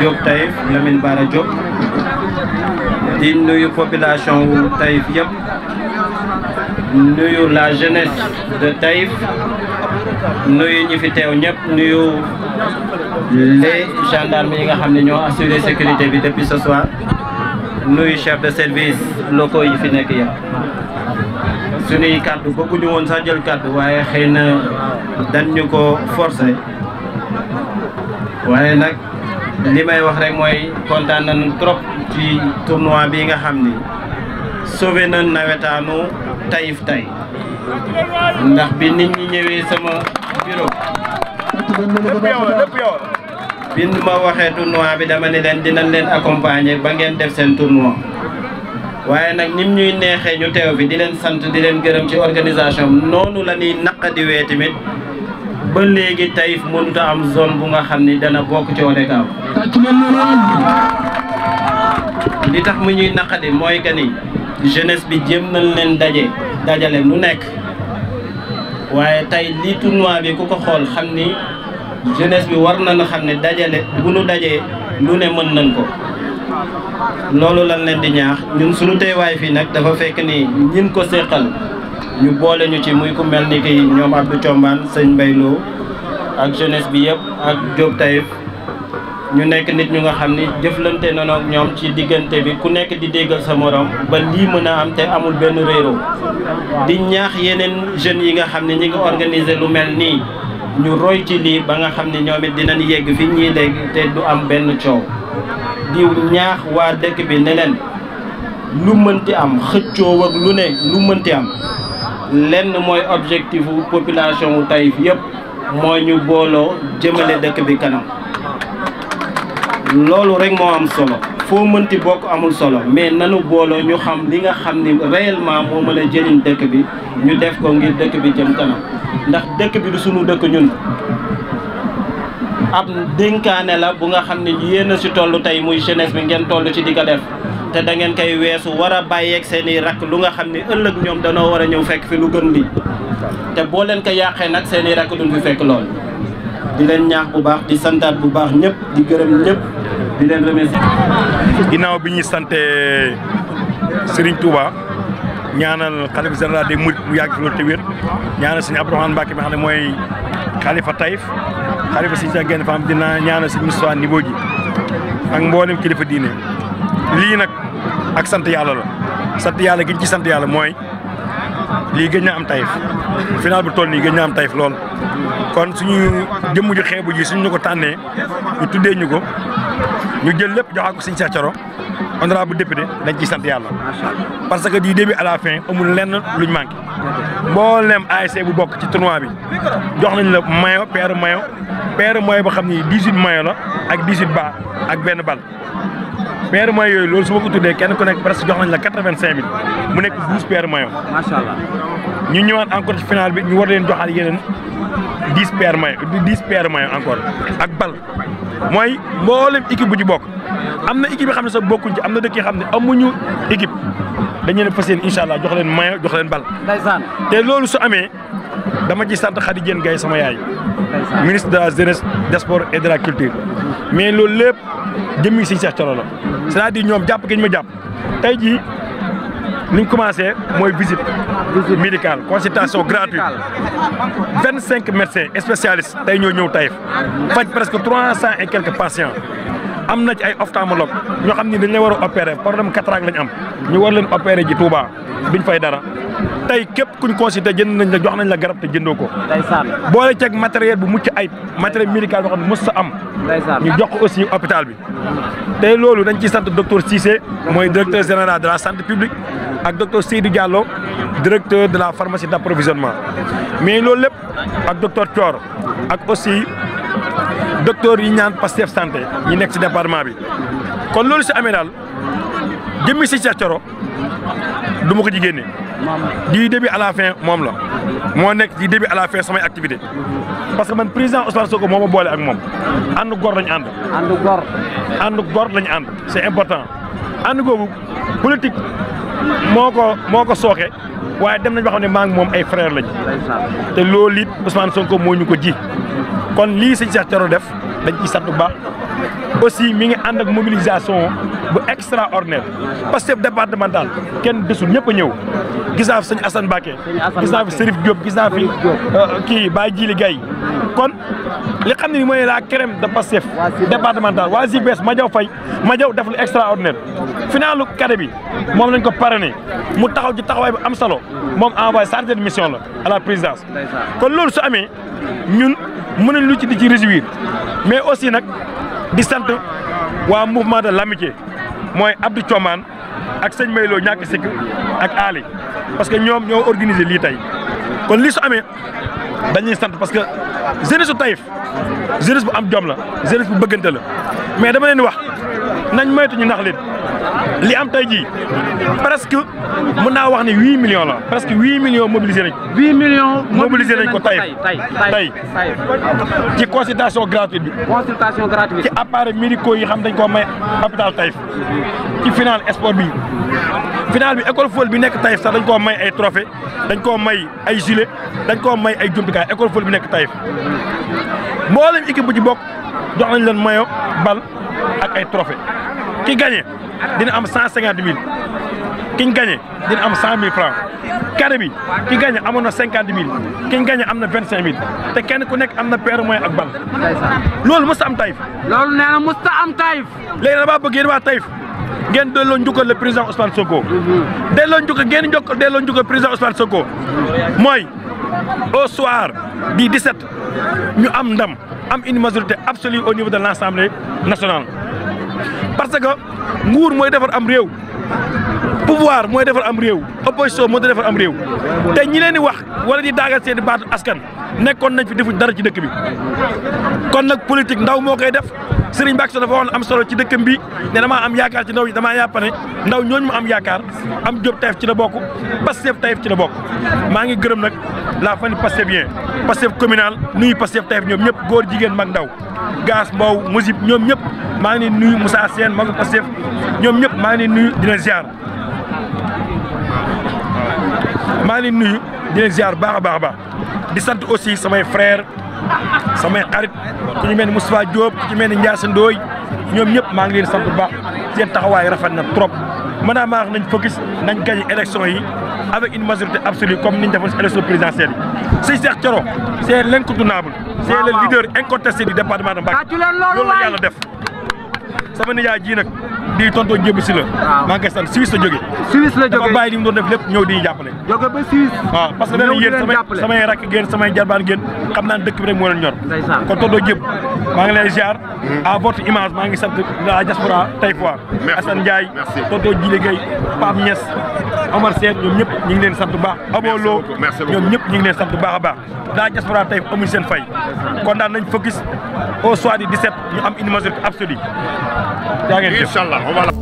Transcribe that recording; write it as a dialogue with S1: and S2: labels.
S1: Diop Taïf Lamine Bara Diop di nuyu population wu Taïf yëpp nuyu la jeunesse de Taïf nuyu ñi fi teew ñëpp nuyu les gendarmes yi nga xam ne ñoo assuré sécurité bi depuis ce nuyu chef de service locaux yi fi nekk yëpp suñuy kàddu bëgguñu woon sax jël kàddu waaye xëy na dañu ko forcé waaye nag li may wax rek mooy kontaan nañu trop ci tournoi bi nga xam ni sauvé na nawetaanu Taïf tay ndax bi nit ñi ñëwee sama bureau bi ma waxee tournoi bi dama ne leen dinañ leen accompagner ba ngeen def seen tournoi waaye nag nim ñuy neexee ñu teew bi di leen sant di leen gërëm ci organisation noonu la ñuy naqadiwee tamit ba léegi Taïf mënut a am zone bu nga xam ni dana bokk ci ODCAV li tax mu ñuy naqadi mooy gani ni jeunesse bi jéem nañ leen daje dajale mu nekk waaye tey li tournoi bi ku ko xool xam ni jënes bi war nañu xam ne dajale bu ñu dajee lu ne mën nañ ko loolu lan leen di ñaax ñun suñu teewaay fii nag dafa fekk ni ñin ko séqal ñu boole ñu ci muy ku mel ni ki ñoom Abdou Thiombane sëñ Mbaye Lo ak jeunesse bi yëpp ak Diop Taïf ñu nekk nit ñu nga xam ni jëflante nañoo ak ñoom ci diggante bi ku nekk di déggal sa morom ba lii mën a am te amul benn réeróo di ñaax yeneen jeunes yi nga xam ne ñu ngi organiser lu mel nii ñu roy ci lii ba nga xam ne ñoom it dinañ yegg fi ñii dégg te du am benn coow di ñaax waa dëkk bi ne leen lu mënti am xëccoow ak lu ne lu mënti am lenn mooy objectif wu population wu Taïf yëpp mooy ñu booloo jëmale dëkk bi kanam loolu rek moo am solo foo mënti bokk amul solo mais nanu booloo ñu xam li nga xam ni réellement moo mën jëriñ dëkk bi ñu def ko ngir dëkk bi jëm kanam ndax dëkk bi du sunu dëkk ñun ab dénkaane la bu nga xam ne yéen a si toll tey muy jeunesse bi ngeen toll ci di ko def te da ngeen koy weesu war a bàyyeeg seen i rakk lu nga xam ne ëllëg ñoom danoo war a ñëw fekk fi lu gën lii te boo leen ko yàqee nag seen i rakk duñ fi fekk lool di leen ñaax bu baax di santaat bu baax ñépp di gërëm ñëpp di leen
S2: ginnaaw bi ñu sante Serigne Touba ñaanal xalifa général des Mourides mu yàgg fi loolu te wér ñaanal sëñ Abdourahmane Mbacke mi xam ne mooy xalifa Taïf xalifa si sa genn fam dina ñaanal si Moustapha niveau ji ak mboolem kilifa diine. lii nag ak sant yàlla la sant yàlla gi ci sant yàlla mooy lii gëj na am tayif final bu toll nii gëj na am tayif lool. kon suñu jëmm ju xeebu ji suñu ñu ko tànnee ñu tuddee ñu ko ñu jël lépp joxaat ko Sëñ Cheikh Thioro bu député dañ ci sant yàlla parce que du début à la amul lenn luñ manqué mboolem ASC bu bokk ci tournoi bi jox nañ la maillot paire maillot paire maillot ba xam ni 18 maillot la ak 18 ba ak benn bal paire maillot yooyu loolu su ma ko tuddee kenn ku nekk presque jox nañ la quatre-vingt-cinq mille mu nekk douze paire maillot. ñu ñëwaat encore ci final bi ñu war leen joxaat yeneen dix paire maillot dix paire maillot encore ak bal mooy mboolem équipe bu ci bokk am na équipe xam ne sax bokkuñ ci am na dëkk yi xam ne amuñu équipe dañu leen fas yéene incha allah jox leen maillot jox leen bal. te loolu su amee. dama ji sant Khady Diène Gaye sama yaay ministre de la jeunesse des sports et de la culture mais loolu lépp jëmmi si Cheikh Thioro la c'est-à-dire ñoom jàpp gi ñu ma jàpp tey jii li ñu commencé mooy visite médicale consultation gratuite vingt cinq médecins spécialistes tey ñoo ñëw Taïf faj presque trois cent et quelques patients am na ci ay ophtalmologue ñoo xam ni dañ la war a opérer problème cataracte lañ am ñu war leen opérer ji Touba duñ fay dara tey képp kuñ consulté jënd nañ la jox nañ la garab te jëndoo ko. ndeysaan boole ceeg matériel bu mucc ayib matériel médical boo xam ne mës sa am. ñu jox ko aussi hôpital bi. tey loolu dañ ciy sant docteur Cissé mooy directeur général de la santé publique ak docteur Seydou Diallo directeur de la pharmacie d' approvisionnement mais loolu lépp ak docteur Thior ak aussi. docteur yi ñaan Pastef santé ñi nekk si département bi kon loolu si amee daal jëmmi si Cheikh Thioro du ma ko ci génne du début à la fin moom la moo nekk du début à la fin samay activité parce que man président Ousmane Sonko moo ma boole ak moom ànd gor lañu ànd ànd gor ànd gor lañu ànd c'est important ànd googu politique moo ko moo ko sooke waaye dem nañ ba xam ne maa moom ay frère lañu. te loolu it Ousmane Sonko moo ñu ko ji kon lii siñ Cheikh Thioro def. dañ ciy sant bu baax aussi mi ngi ànd ak mobilisation bu extraordinaire parce que départemental kenn desul ñëpp a ñëw gis naa fi sëñ Assane Mbacké gis naa fi Serif Diop gis naa fi kii Baye Djili Gaye kon li xam ne ni mooy la crème de Pastef départemental waa Ziguinchor Madiaw Faye Madiaw def lu extraordinaire finalu kade bi moom nañ ko parrainé mu taxaw ci taxawaay bu am solo moom envoyé chargé de mission la à la présidence kon loolu su amee ñun mënuñ lu ci di ci réjouir mais aussi nag di sant waa mouvement de l'amitié mooy Abdou Thioman ak sëñ Maylo ñàkk sikk ak Ali parce que ñoom ñoo organiser lii tey kon lii su amee dañuy sant parce que jeunesse su Taïf jeunesse bu am jom la jeunesse bu bëggante la mais dama leen wax nañ moytu ñu nax leen. li am tey jii presque mën naa wax ne huit million la presque huit millions mobilisé nañ. huit millions mobilisé nañ ko tey tey ci consultation gratuite bi. consultation gratuite ci appareils médicaux yi xam dañ koo may hôpital Taïf ci final sport bi final bi école football bi nekk Taïf sax dañ koo may ay trophée dañ koo may ay gilet dañ koo may ay jumtukaay école football bi nekk Taïf mboolem équipe bu ci bokk jox nañ leen mayo bal ak ay trophée ki gagné. dina am cent cinquante mille kiñ gagné dina am cent mille franc carré bi ki gagné amoon na cinquante mille kiñ gagné am na vingt cinq mille te kenn ku nekk am na paire moyen ak bal loolu mës ta am Taïf loolu nee na mës ta am Taïf léegi dama bëgg yéen waa Taïf ngeen delloo njukkal le président Ousmane Sonko delloo njukkal ngeen njokk delloo njukkal président Ousmane Sonko mooy au soir du 17 ñu am ndam am une majorité absolue au niveau de l'Assemblée nationale parce que nguur mooy defar am réew pouvoir mooy defar am réew opposition moo defar am réew te ñi leen di wax wala di daagal seen i baatu askan nekkoon nañ fi defuñ dara ci dëkk bi kon nag politique ndaw moo koy def Serigne Mbacke dafa waxoon am solo ci dëkkam bi ne damaa am yaakaar ci ndaw yi damaa yàpp ne ndaw ñooñu mu am yaakaar am Diop Taïf ci la bokk Pastef Taïf ci la bokk maa ngi gërëm nag la famille Pastefien Pastef communal nuyu Pastef Taïf ñoom ñëpp góor jigéen mag ndaw gaas mbaw musib ñoom ñëpp maa ngi nuyu Moussa seen Magu Pastef ñoom ñëpp maa ngi nuyu dina ziar maa ngi nuyu dina ziar baax a baax baax di sant aussi samay frère samay xarit ku ñu mel ni Moustapha Diop ku ñu mel ni Ndiass Ndoye ñoom ñëpp maa ngi leen sant bu baax seen taxawaay rafet na trop maanaam maa wax nañ focus nañ gagné élection yi avec une majorité absolue comme ni ñu defoon si élection présidentielle yi si Cheikh Thioro c' est l' incontournable c' est le leader incontesté du département de Mbacké loolu la yàlla def sama nijaay jii nag di tonto jébbi si la maa ngi koy sant Suisse la jógee Suisse la jógee dafa bàyyi li doon def lépp ñëw di jàppale jóge ba Suisse waaw parce que dana yéen samay samay rakk ngeen samay jarbaan ngeen xam naa dëkk bi rek moo leen ñor kon tonto jéb maa ngi lay ziar hmm. à votre image maa ngi sant la diaspora tey fois Assane Ndiaye tonto Jili Gueye Pape Niass Omar Sène ñoom ñëpp ñu ngi leen sant bu baax aboloo ñoom ñëpp ñu ngi leen sant bu baax a baax daa diaspora tey amuñ seen fay kon daal nañ focus au soir du 17 ñu am une majorité absolue yaa ngeen incha